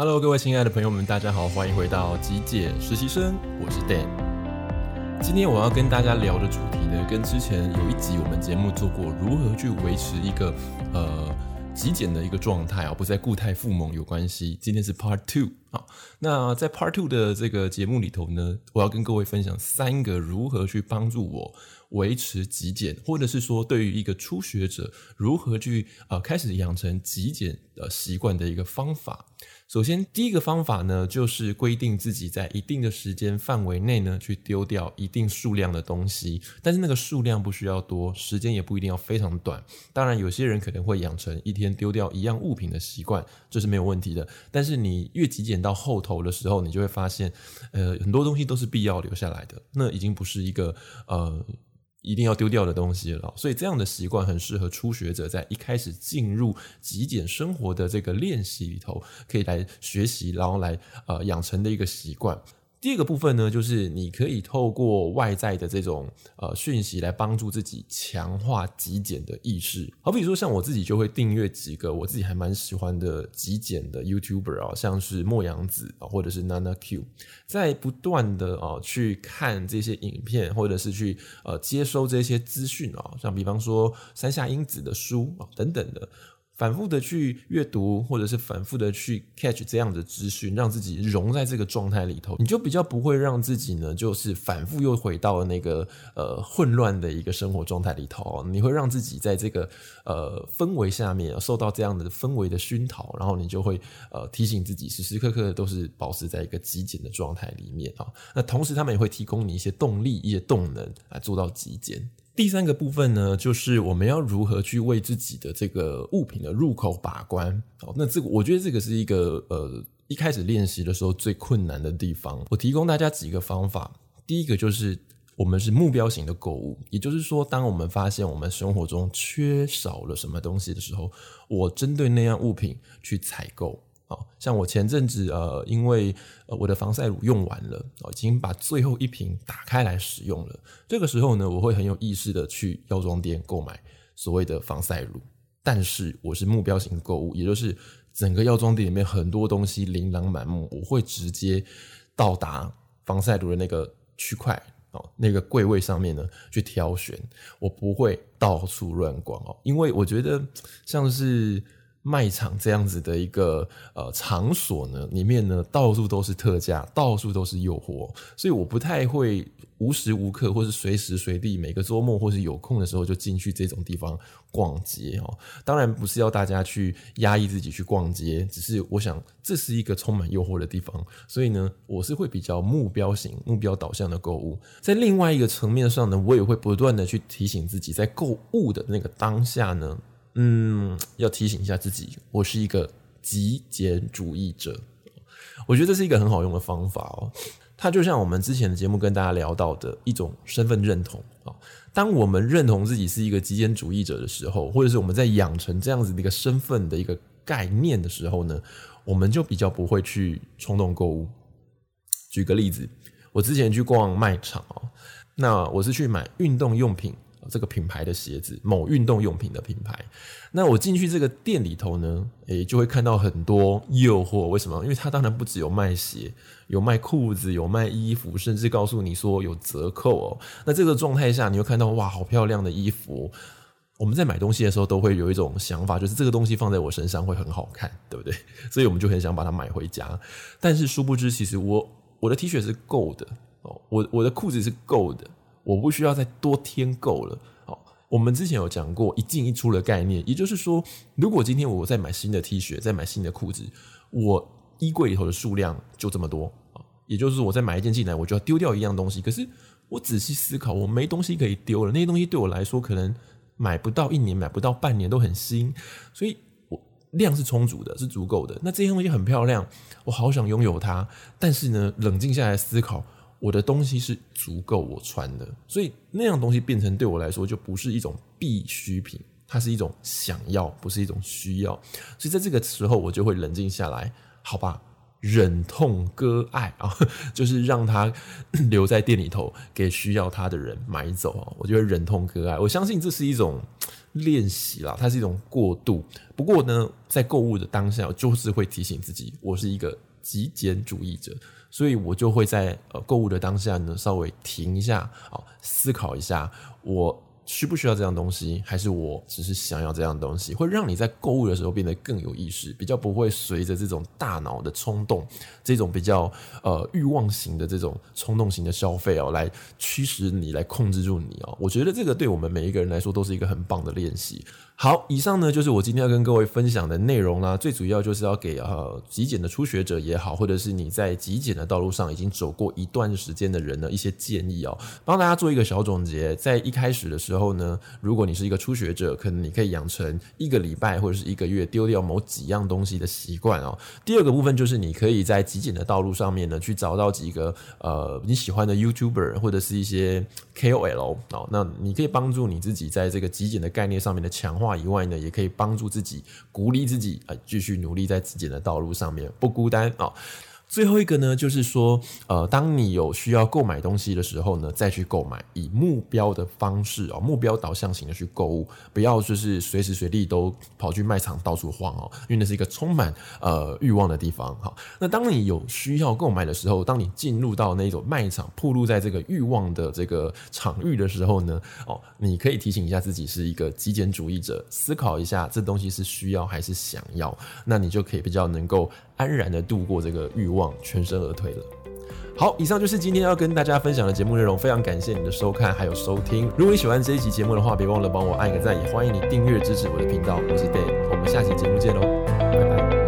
Hello，各位親愛的朋友們，大家好，歡迎回到極簡實習生，我是 Dan。今天我要跟大家聊的主題呢，跟之前有一集我們節目做過如何去維持一個呃極簡的一個狀態啊，不再故態復萌有關係。今天是 Part Two 啊。那在 Part Two 的這個節目裡頭呢，我要跟各位分享三個如何去幫助我維持極簡，或者是說，對於一個初學者如何去呃開始養成極簡的，呃，習慣的一個方法。首先，第一個方法呢，就是規定自己在一定的時間範圍內呢，去丟掉一定數量的東西。但是那個數量不需要多，時間也不一定要非常短。當然，有些人可能會養成一天丟掉一樣物品的習慣，這是沒有問題的。但是你越極簡到後頭的時候，你就會發現，呃，很多東西都是必要留下來的。那已經不是一個呃。一定要丟掉的東西了，所以這樣的習慣很適合初學者在一開始進入極簡生活的這個練習裡頭，可以來學習，然後來呃養成的一個習慣。第二個部分呢，就是你可以透過外在的這種呃訊息來幫助自己強化極簡的意識。好比說，像我自己就會訂閱幾個我自己還蠻喜歡的極簡的 YouTuber 啊、哦，像是莫陽子啊，或者是 Nana Q，在不斷的啊、呃、去看這些影片，或者是去呃接收這些資訊啊，像比方說山下英子的書啊、哦、等等的。反復的去閱讀，或者是反復的去 catch 這樣的資訊，讓自己融在這個狀態裡頭，你就比較不會讓自己呢，就是反復又回到了那個呃混亂的一個生活狀態裡頭。你會讓自己在這個呃氛圍下面受到這樣的氛圍的熏陶，然後你就會呃提醒自己時時刻刻都是保持在一個極簡的狀態裡面啊、哦。那同時他們也會提供你一些動力、一些動能來做到極簡。第三個部分呢，就是我們要如何去為自己的這個物品的入口把關。好，那這我覺得這個是一個呃，一開始練習的時候最困難的地方。我提供大家幾個方法。第一個就是我們是目標型的購物，也就是說，當我們發現我們生活中缺少了什麼東西的時候，我針對那樣物品去採購。像我前陣子呃，因為，呃，我的防曬乳用完了，已經把最後一瓶打開來使用了。這個時候呢，我會很有意識的去藥妝店購買所謂的防曬乳。但是我是目標型購物，也就是整個藥妝店裡面很多東西琳琅滿目，我會直接到達防曬乳的那個區塊哦，那個櫃位上面呢去挑選，我不會到處亂逛哦，因為我覺得像是。賣場這樣子的一個呃場所呢，裡面呢到處都是特價，到處都是誘惑，所以我不太會無時無刻，或是隨時隨地，每個周末或是有空的時候就進去這種地方逛街哈、哦。當然不是要大家去壓抑自己去逛街，只是我想這是一個充滿誘惑的地方，所以呢，我是會比較目標型、目標導向的購物。在另外一個層面上呢，我也會不斷地去提醒自己，在購物的那個當下呢。嗯，要提醒一下自己，我是一個極簡主義者。我覺得這是一個很好用的方法哦。它就像我們之前的節目跟大家聊到的一種身份認同啊。當我們認同自己是一個極簡主義者的時候，或者是我們在養成這樣子的一個身份的一個概念的時候呢，我們就比較不會去衝動購物。舉個例子，我之前去逛賣場哦，那我是去買運動用品。這個品牌的鞋子，某運動用品的品牌。那我進去這個店裡頭呢，誒、欸，就會看到很多誘惑。為什麼？因為它當然不只有賣鞋，有賣褲子，有賣衣服，甚至告訴你說有折扣哦。那這個狀態下，你會看到哇，好漂亮的衣服。我們在買東西的時候，都會有一種想法，就是這個東西放在我身上會很好看，對不對？所以我們就很想把它買回家。但是殊不知，其實我我的 T 恤是夠的哦，我我的褲子是夠的。我不需要再多添購了。我們之前有講過一進一出的概念，也就是說，如果今天我再買新的 T 恤，再買新的褲子，我衣櫃裡頭的數量就這麼多。也就是說，我再買一件進來，我就要丟掉一樣東西。可是我仔細思考，我沒東西可以丟了，那些東西對我來說可能買不到一年，買不到半年都很新，所以我量是充足的，是足夠的。那這些東西很漂亮，我好想擁有它，但是呢，冷靜下來思考，我的東西是足夠我穿的，所以那樣東西變成對我來說就不是一種必需品，它是一種想要，不是一種需要。所以在這個時候，我就會冷靜下來，好吧，忍痛割愛啊，就是讓它 留在店裡頭，給需要它的人買走啊。我就會忍痛割愛。我相信這是一種練習啦，它是一種過渡。不過呢，在購物的當下，我就是會提醒自己，我是一個極簡主義者，所以我就會在呃購物的當下呢，稍微停一下，哦，思考一下，我需不需要這樣東西，還是我只是想要這樣東西。會讓你在購物的時候變得更有意識，比較不會隨着這種大腦的衝動，這種比較呃慾望型的這種衝動型的消費哦，來驅使你來控制住你哦。我覺得這個對我們每一個人來說都是一個很棒的練習。好，以上呢就是我今天要跟各位分享的內容啦。最主要就是要給呃極簡的初學者也好，或者是你在極簡的道路上已經走過一段時間的人呢，一些建議哦、喔。幫大家做一個小總結，在一開始的時候呢，如果你是一個初學者，可能你可以養成一個禮拜或者是一個月丟掉某幾樣東西的習慣哦。第二個部分就是你可以在極簡的道路上面呢，去找到幾個呃你喜歡的 YouTuber 或者是一些 KOL 哦。那你可以幫助你自己在這個極簡的概念上面的強化。以外呢，也可以幫助自己，鼓勵自己啊，呃、繼續努力在自己的道路上面，不孤單啊。哦最後一個呢，就是說，呃，當你有需要購買東西的時候呢，再去購買，以目標的方式哦，目標導向型的去購物，不要就是隨時隨地都跑去賣場到處晃哦，因為那是一個充滿呃慾望的地方哈、哦。那當你有需要購買的時候，當你進入到那種賣場、暴露在這個慾望的這個場域的時候呢，哦，你可以提醒一下自己是一個極簡主義者，思考一下這東西是需要還是想要，那你就可以比較能夠。安然的度過這個慾望，全身而退了。好，以上就是今天要跟大家分享的節目內容。非常感謝你的收看還有收聽。如果你喜歡這一期節目的話，別忘了幫我按個讚，也歡迎你訂閱支持我的頻道。我是 Dan，我們下期節目見嘍，拜拜。